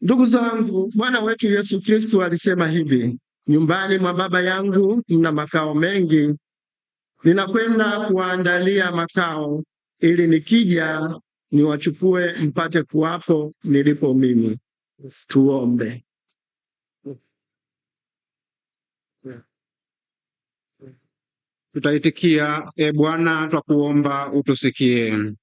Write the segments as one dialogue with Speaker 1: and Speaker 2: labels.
Speaker 1: Ndugu zangu, Bwana wetu Yesu Kristu alisema hivi, nyumbani mwa Baba yangu mna makao mengi, ninakwenda kuwaandalia makao, ili nikija niwachukue mpate kuwapo nilipo mimi. Tuombe.
Speaker 2: Tutaitikia, E Bwana, twakuomba utusikie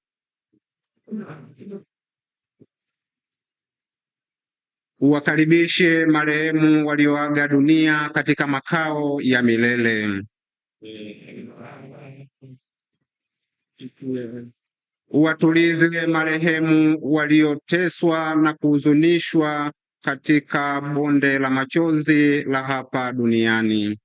Speaker 2: uwakaribishe marehemu walioaga dunia katika makao ya milele. Uwatulize marehemu walioteswa na kuhuzunishwa katika bonde la machozi la hapa duniani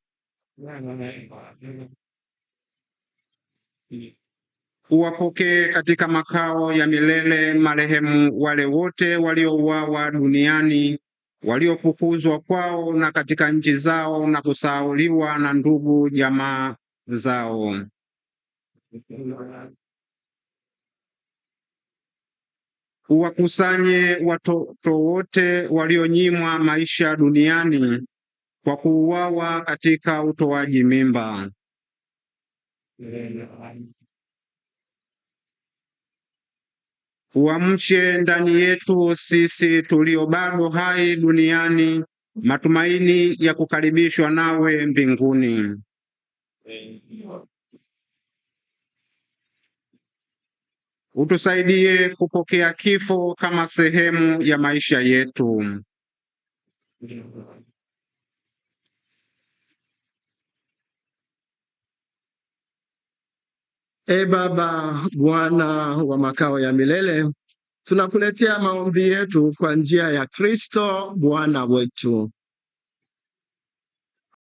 Speaker 2: uwapokee katika makao ya milele marehemu wale wote waliouawa duniani, waliofukuzwa kwao na katika nchi zao na kusahauliwa na ndugu jamaa zao. Uwakusanye watoto wote walionyimwa maisha duniani kwa kuuawa katika utoaji mimba. uamshe ndani yetu sisi tulio bado hai duniani matumaini ya kukaribishwa nawe mbinguni. Utusaidie kupokea kifo kama sehemu ya maisha yetu.
Speaker 1: E Baba, Bwana wa makao ya milele, tunakuletea maombi yetu kwa njia ya Kristo Bwana wetu.